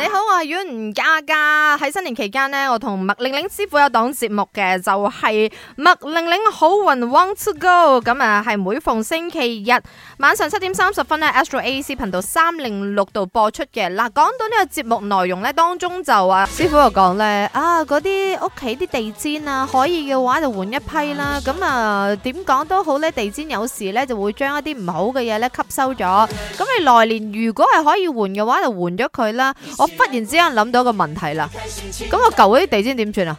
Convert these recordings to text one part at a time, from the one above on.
你好，我係袁家家，喺新年期間呢，我同麥玲玲師傅有檔節目嘅，就係、是、麥玲玲好運 Want to Go 咁啊，係每逢星期日晚上七點三十分咧，Astro AC 頻道三零六度播出嘅。嗱，講到呢個節目內容呢，當中就話，師傅就講呢：「啊，嗰啲屋企啲地氈啊，可以嘅話就換一批啦。咁啊，點講都好呢，地氈有時呢就會將一啲唔好嘅嘢呢吸收咗。來年如果係可以換嘅話，就換咗佢啦。我忽然之間諗到一個問題啦，咁我舊嗰啲地氈點算啊？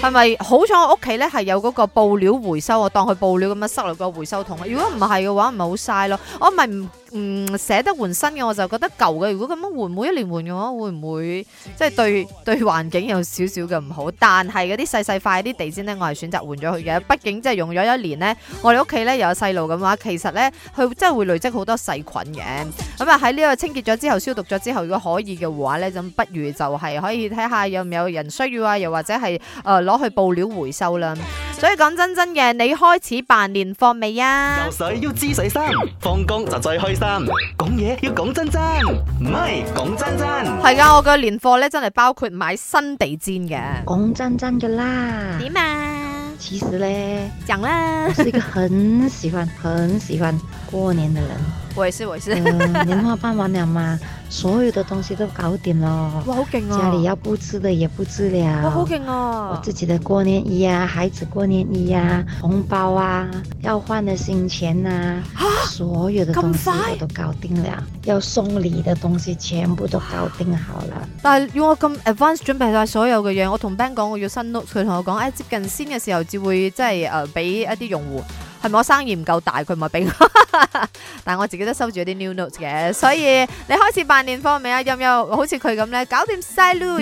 係咪好彩我屋企咧係有嗰個布料回收，我當佢布料咁樣塞落個回收桶。如果唔係嘅話，唔係好嘥咯。我咪唔唔捨得換新嘅，我就覺得舊嘅如果咁樣換每一年換嘅話，會唔會即係對對環境有少少嘅唔好？但係嗰啲細細塊啲地氈咧，我係選擇換咗佢嘅，畢竟即係用咗一年咧，我哋屋企咧又有細路咁話，其實咧佢真係會累積好多細菌嘅。咁、嗯、啊，喺呢個清潔咗之後、消毒咗之後，如果可以嘅話呢，咁不如就係可以睇下有唔有人需要啊，又或者係誒攞去布料回收啦。所以講真真嘅，你開始辦年貨未啊？游水要知水深，放工就最開心。講嘢要講真真，唔係講真真。係、嗯、啊，我嘅年貨呢真係包括買新地氈嘅。講真真噶啦。點啊？其實呢，講啦。 我是一個很喜歡、很喜歡過年嘅人。維斯維斯，你、呃、咪 辦完了嘛？所有的東西都搞掂咯。哇，好勁啊！家裏要布置的也布置了。哇，好勁啊！我自己的過年衣啊，孩子過年衣啊，紅包啊，要換的新錢啊，啊，所有的東西我都搞定了。要送禮的東西全部都搞定好了。但係如果我咁 advance 準備晒所有嘅嘢，我同 Ben 講我要新 note，佢同我講：，接近先嘅時候只會即係誒，俾、呃、一啲用戶，係咪我生意唔夠大，佢咪俾我？ 但我自己都收住啲 new notes 嘅，所以你開始辦年貨未啊？有冇有好似佢咁咧，搞掂晒咯。